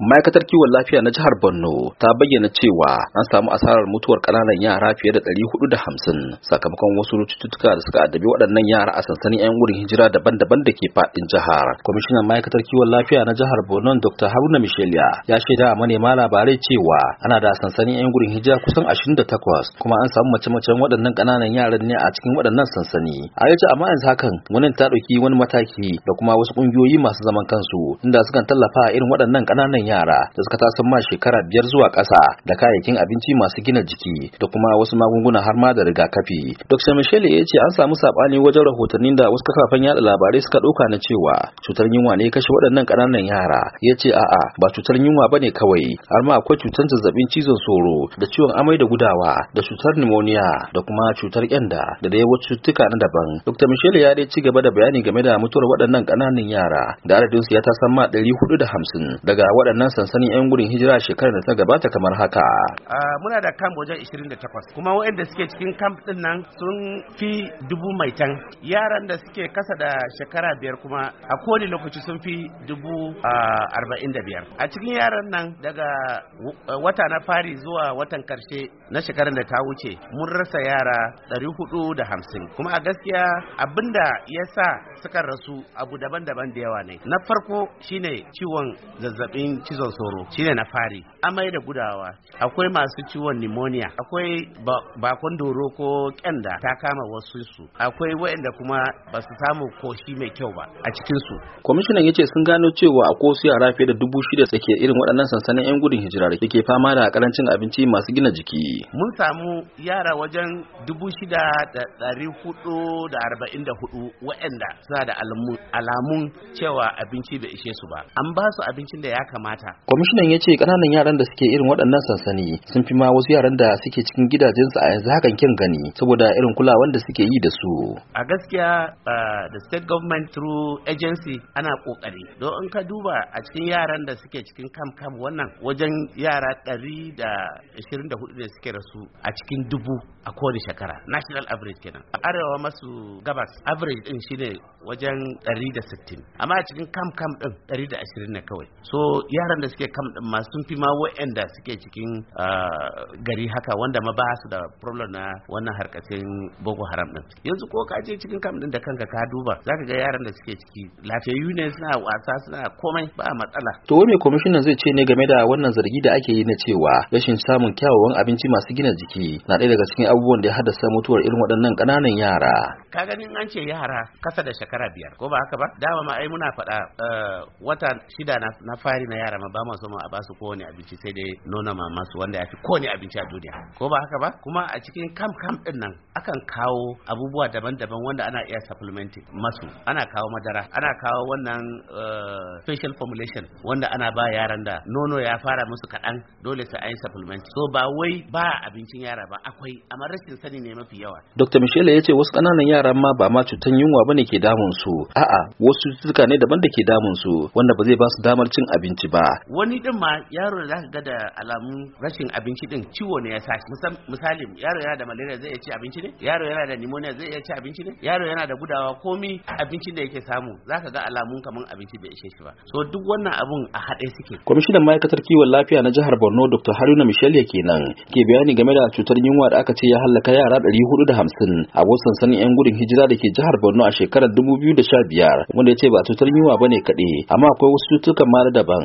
ma'aikatar kiwon lafiya na jihar borno ta bayyana cewa an samu asarar mutuwar kananan yara fiye da 450 sakamakon wasu cututtuka da suka addabi waɗannan yara a sansanin 'yan wurin hijira daban-daban da ke faɗin jihar kwamishinan ma'aikatar kiwon lafiya na jihar borno dr haruna michelia ya shaida a manema labarai cewa ana da sansanin 'yan wurin hijira kusan 28 kuma an samu mace-macen waɗannan kananan yaran ne a cikin waɗannan sansani a yace amma yanzu hakan wani ta dauki wani mataki da kuma wasu ƙungiyoyi masu zaman kansu inda sukan tallafa irin waɗannan kananan yara da suka taso ma shekara biyar zuwa ƙasa da kayayyakin abinci masu gina jiki da kuma wasu magunguna har ma da rigakafi. Dr. Michelle ya ce an samu saɓani wajen rahotannin da wasu kafafen yada labarai suka ɗauka na cewa cutar yunwa ne kashe waɗannan ƙananan yara. Ya ce a'a ba cutar yunwa ba ne kawai har ma akwai cutar zazzabin cizon sauro da ciwon amai da gudawa da cutar pneumonia da kuma cutar kyanda da dai wasu cututtuka na daban. Dr. Michelle ya dai ci gaba da bayani game da mutuwar waɗannan ƙananan yara da adadinsu ya tasan ma ɗari hudu da hamsin daga waɗannan waɗannan sansanin 'yan gudun hijira shekarar da ta gabata kamar haka. muna da kamp wajen 28 kuma waɗanda suke cikin kamp ɗin nan sun fi dubu mai can yaran da suke kasa da shekara biyar kuma a kowane lokaci sun fi dubu arba'in da biyar a cikin yaran nan daga wata na fari zuwa watan karshe na shekarar da ta wuce mun rasa yara ɗari hudu da hamsin kuma a gaskiya abinda ya sa suka rasu abu daban-daban da yawa ne na farko shine ciwon zazzabin cizon sauro shine na fari amai da gudawa akwai masu ciwon pneumonia akwai bakon doro ko kyanda ta kama wasu su akwai waɗanda kuma ba su samu koshi mai kyau ba a cikin su kwamishinan ya ce sun gano cewa akwai wasu yara fiye da dubu shida suke irin waɗannan sansanin yan gudun hijira da ke fama da karancin abinci masu gina jiki mun samu yara wajen dubu shida da ɗari hudu da arba'in da hudu waɗanda suna da alamun cewa abinci bai ishe su ba an ba su abincin da ya kamata bukata kwamishinan ya ce kananan yaran da suke irin waɗannan sansani sun fi ma wasu yaran da suke cikin gidajensu a yanzu hakan kin gani saboda irin kulawan da suke yi da su a gaskiya da uh, state government through agency ana kokari don in ka duba a cikin yaran da suke cikin kam kam wannan wajen yara 124 da suke rasu a cikin dubu a kowane shekara national average kenan a arewa masu gabas average din shine wajen 160 amma a cikin kam kam din 120 ne kawai so ya yaran da suke kam din ma sun fi ma wa'anda suke cikin ah, gari haka wanda ma ba su da problem na wannan harkacin boko haram din yanzu ko ka je cikin kam din da kanka ka duba zaka ga yaran da suke ciki lafiyayyu ne suna wasa suna komai ba matsala to wai me commissioner zai ce ne game da wannan zargi da ake yi na cewa rashin samun kyawawan abinci masu gina jiki na ɗaya daga cikin abubuwan da ya haddasa mutuwar irin waɗannan ƙananan yara ka ganin an ce yara kasa da shekara biyar ko ba haka ba dama ma ai muna faɗa ah, wata shida na fari na yara yara ma ba ma so ma a basu kowane abinci sai dai nuna mama su wanda ya fi kowane abinci a duniya ko ba haka ba kuma a cikin kam kam din nan akan kawo abubuwa daban-daban wanda ana iya supplementing masu ana kawo madara ana kawo wannan special eh, formulation wanda ana ba yaran da nono ya fara musu kaɗan dole su ayi yi supplement so ba wai ba abincin yara ba akwai amma rashin sani ne mafi yawa dr michelle ya ce wasu ƙananan yaran ma ba ma cutan yunwa bane ke damun su a'a wasu cututtuka ne daban da ke damun su wanda ba zai ba su damar cin abinci ba wani din ma yaro da zaka ga da alamun rashin abinci din ciwo ne ya sa misali yaro yana da malaria zai iya ci abinci ne yaro yana da pneumonia zai iya ci abinci ne yaro yana da gudawa komi abincin da yake samu zaka ga alamun kamar abinci bai ishe shi ba so duk wannan abun a haɗe suke kwamishinan ma'aikatar kiwon lafiya na jihar Borno Dr Haruna Michel kenan ke bayani game da cutar yunwa da aka ce ya halaka yara 450 a wasu sansanin yan gudun hijira da ke jihar Borno a shekarar 2015 wanda ya ce ba cutar yunwa ne kaɗai amma akwai wasu cutukan ma daban